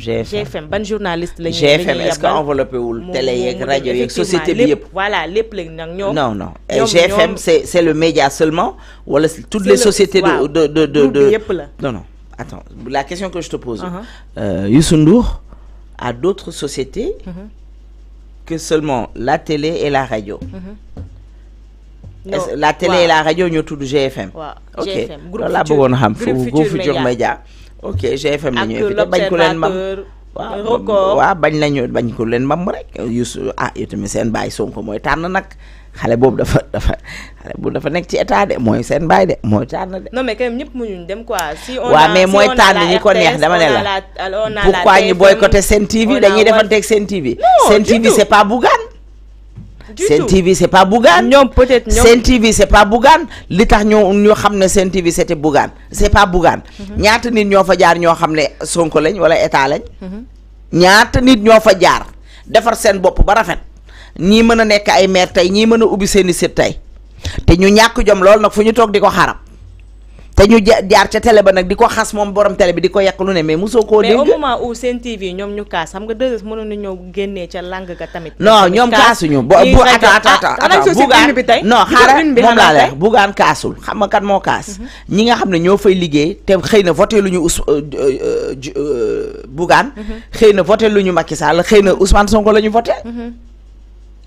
GFM ban journaliste la GFM est-ce qu'on enveloppé wul télé et radio yeeg société bi voilà les léegi non non GFM c'est c'est le média seulement ou toutes les sociétés de de de non non attends la question que je te pose uh-huh. euh, Youssou Ndour a d'autres sociétés uh-huh. que seulement la télé et la radio uh-huh. la télé et la radio tout du GFM ok loolu laa bëggoon xam Futurs Médias ok GFM la ñuy invité bañ ku leen mam waaw bañ nañu bañ ku leen mam rek Youssou ah yow tamit seen baay Sonko mooy tànn nag xale boobu dafa dafa xale boobu dafa nekk ci état de mooy seen baay de mooy tànn de. non mais quand même ñëpp mënuñ dem ko si on a waaw mais mooy tànn ñi ko neex dama ne la pourquoi ñu boycotté seen TV dañuy defanteeg seen TV. seen TV c'est pas Bougane Sen TV c'est pas Bougane. ñoom peut-être ñoom Sen TV c'est pas Bougane li tax ñu ñu xam ne Sen TV c'était Bougane c'est pas Bougane. Mhm. ñaata nit ñoo fa jaar ñoo xam ne Sonko lañ wala état lañ. Mhm. ñaata nit ñoo fa jaar defar seen bopp ba rafet ñii mën a nekk ay maire tey ñii mën a ubbi seen i sit tey te ñu ñàkk jom lool nag fu ñu toog di ko xaram. te ñu jaar ca télé ba nag di ko xas moom borom télé bi di ko yàq lu ne mais mosoo koo dégg mais au moment où seen TV ñoom ñu kaas xam nga deux heures mënoon nañoo génnee ca tamit. non ñoom kaasuñu. bo bu ata ata ata bi tey non xaaral moom laa lay bugaan xam nga kan moo mhm. ñi nga xam ne ñoo fay liggéey te xëy na voté lu ñu Ous euh, euh, euh, bugaan. Mhm. xëy na vote lu ñu Macky Sall xëy na Ousmane Sonko la ñu voté. Mhm.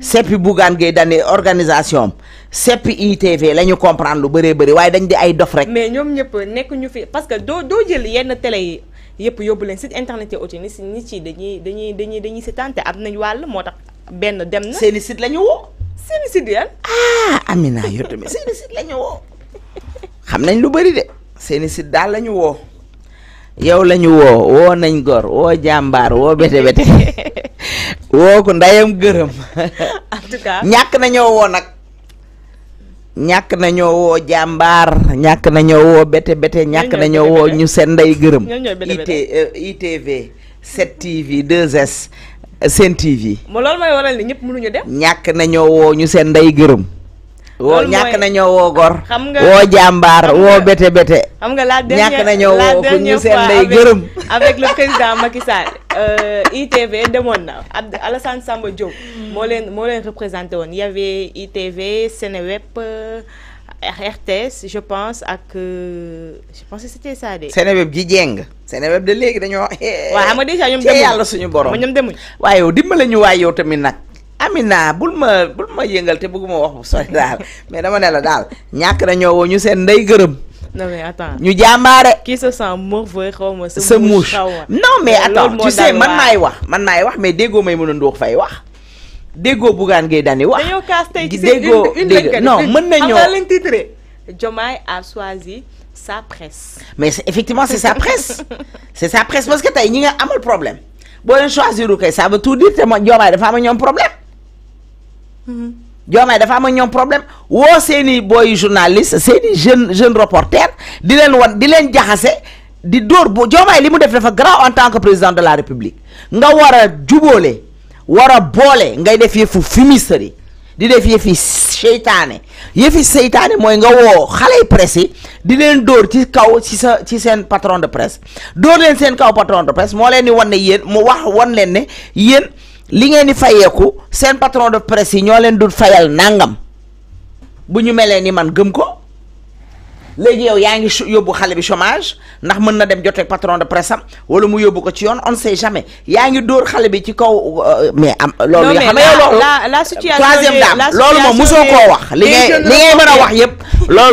seppi Bougane Gueye Dany organisation am seppi ITV la ñu comprendre lu bëree bëri waaye dañ di ay dof rek. mais ñoom ñëpp nekk ñu fi parce que doo doo jël yenn tele yi yëpp yóbbu leen site internet yi aussi nit nit dañuy dañuy dañuy dañuy seetaan te am nañ wàll moo tax benn dem na. seeni site la ñu woo. seeni site yan. ah Amina yow seeni site la ñu woo. xam nañ lu bëri de seeni site daal la ñu woo. yow la ñu woo woo nañ gor woo jàmbaar woo bete bete. woo ko ndeyam gërëm. en ñàkk nañoo woo nag. ñàkk nañoo woo jàmbaar ñàkk nañoo woo bete bete ñàkk nañoo woo ñu seen ndey gërëm. IT ITV 7TV 2S Sen TV. moo loolu mooy waral ni ñëpp mënuñu dem. ñàkk nañoo ñu seen ndey gërëm. woo ñàkk nañoo woo gor xam nga woo jàmbaar woo bété bété xam nga la dernière ñàkk nañoo woo ku ñu seen day gërëm avec la président Macky Sall euh, ITV demoon na Abd Alassane Samba Diop hmm. moo leen moo leen représenté woon y avait ITV Seneweb euh, RTS je pense ak euh, je pense que c'était ça de. Seneweb ji jeng. Seneweb de léegi dañoo. waaw xam nga déjà ñoom demuñu yàlla suñu borom ñoom demuñu. waaye yow dimbale ñu waay yow tamit nag. Amina bul ma bul ma te bëgguma wax bu mais dama ne la daal ñàkk nañoo woo ñu seen ndey non mais attends ñu jàmbaare. qui se sent morveux sa non mais attends tu sais man maay wax man wax mais déggoo may fay wax. déggoo bugaan ngay wax. non mën ñoo xam a choisi sa presse. mais effectivement c'est sa presse c'est sa presse parce que tey ñi amal problème boo leen choisir kay ça veut tout dire te dafa am problème. Mm-hmm. Diomaye dafa am ñoom problème woo seeni booy journaliste seeni jeune jeune reporter di leen wan di leen jaxase di dóor bu Diomaye li mu def dafa grand en tant que président de la république nga war a jubóole war a boole ngay def yëfu fumisterie di def yëfi seytaane yëfi seytaane mooy nga woo xale yi presse yi di leen door ci kaw ci sa ci seen patron de presse dóor leen seen kaw patron de presse moo leen di wan ne yéen mu wax wan leen ne yéen li ngeen di fayeeku seen patron de presse yi ñoo leen dul fayal nangam bu ñu melee ni man gëm ko léegi yow yaa ngi yóbbu xale bi chômage ndax mën na dem joteeg patron de presse am wala mu yóbbu ko ci yoon on sait jamais yaa ngi dóor xale bi ci kaw euh, mais am. loolu yoo xam ne loolu troisième dame loolu moom mosoo koo wax. li ngay li ngay mën a wax yëpp loolu.